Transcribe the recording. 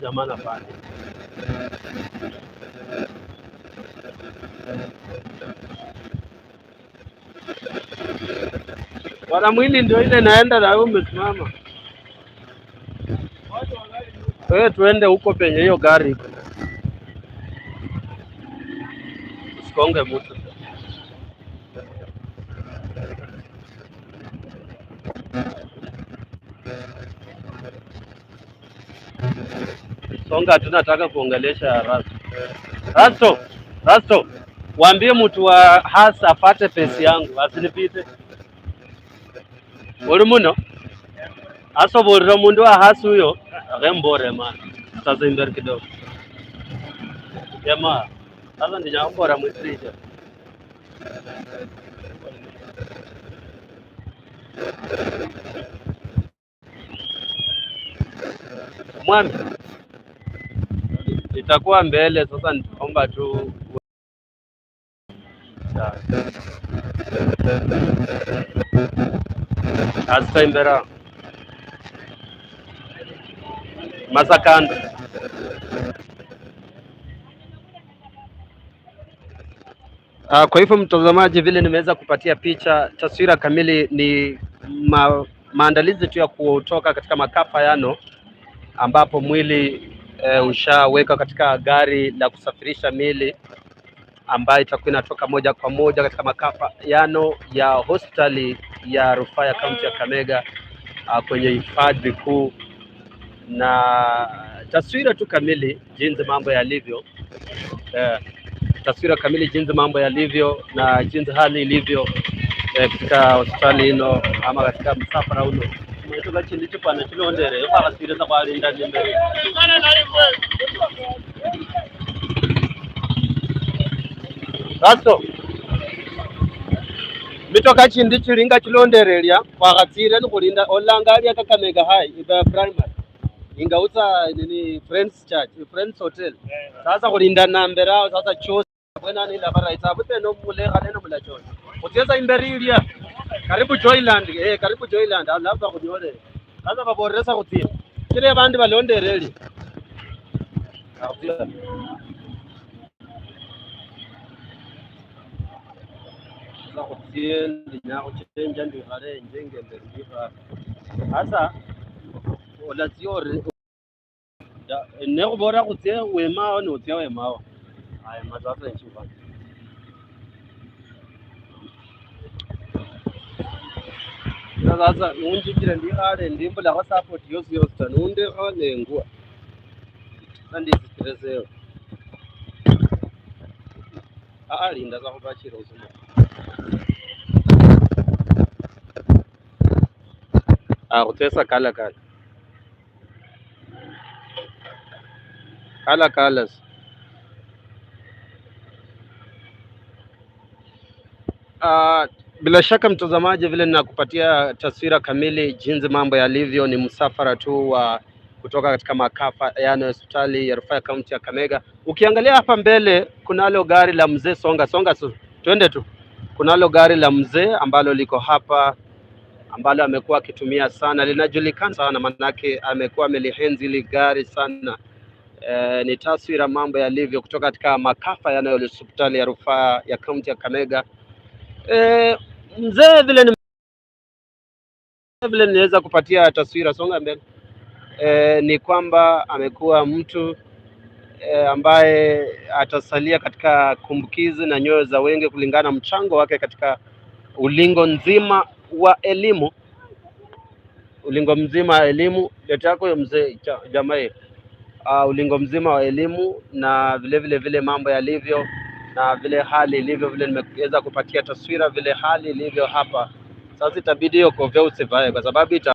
yule jamaa wana Bwana mwili ndio ile naenda na wewe umesimama. Wewe tuende huko penye hiyo gari iko. Usikonge mtu. Songa tunataka kuongelesha Rasto. Rasto, Rasto, waambie mtu wa hasa afate pesi yangu asinipite uri muno asoborera mundu wa hasi huyo akembore ma. sasa imbere kidogo Yema. sasa ndinyakubora mwisirija mwami itakuwa mbele sasa, nitaomba tu azitaimbera masakanda ah, kwa hivyo mtazamaji, vile nimeweza kupatia picha, taswira kamili ni ma, maandalizi tu ya kutoka katika yano ambapo mwili e, ushaweka katika gari la kusafirisha mili ambayo itakuwa inatoka moja kwa moja katika makafayano ya hospitali ya rufaa ya kaunti ya Kakamega ah, kwenye hifadhi kuu, na taswira tu kamili jinsi mambo yalivyo e, taswira kamili jinsi mambo yalivyo na jinsi hali ilivyo e, katika hospitali hino ama katika msafara huno chituka chindi chipanda chinoonderera pakasiyirisa kwalinda nemberi zvaso mitoka chindi chilinga chilondererya kwakatsire nikulinda olanga ali yakakamega hai ipa primary ingautsa nini friends church friends hotel sasa kulinda nambe sasa chose bwenanila baraita buteno muleha leno mulachoyo kutieza imberilya karibu joyland eh karibu joyland alapa ah, kunyole kaza baboresa kutia kile bandi balondereli ah, kutie ndinyako chenja ndikhale njengemberiha hasa olatsiore nekhubora khutie wemao notsya wemao Haya mazoezi ni chupa. Sasa nunjigire ndihale ndimbulaho support yosi yosi ta nundiho nengwa nandisikireseho aa linda za khubashira osuma akhutesa kalakala kalakalas Uh, bila shaka mtazamaji, vile ninakupatia taswira kamili jinsi mambo yalivyo, ni msafara tu wa kutoka katika makafa yani hospitali ya rufaa ya kaunti ya Kamega. Ukiangalia hapa mbele kunalo gari la mzee songa songa, twende tu. Kunalo gari la mzee ambalo liko hapa ambalo amekuwa akitumia sana, linajulikana sana manake amekuwa amelihenzi ile gari sana. E, ni taswira mambo yalivyo kutoka katika makafa yanayo hospitali ya rufaa ya kaunti ya Kamega. Eh, mzee vile ni vile ninaweza kupatia taswira, songa mbele e, ni kwamba amekuwa mtu e, ambaye atasalia katika kumbukizi na nyoyo za wengi kulingana na mchango wake katika ulingo nzima wa elimu, ulingo mzima wa elimu. Leta yako hiyo mzee, jamaa. Uh, ulingo mzima wa elimu na vile vile vile mambo yalivyo na vile hali ilivyo, vile nimeweza kupatia taswira vile hali ilivyo hapa. Sasa itabidi hiyo koveu usivae kwa sababu ita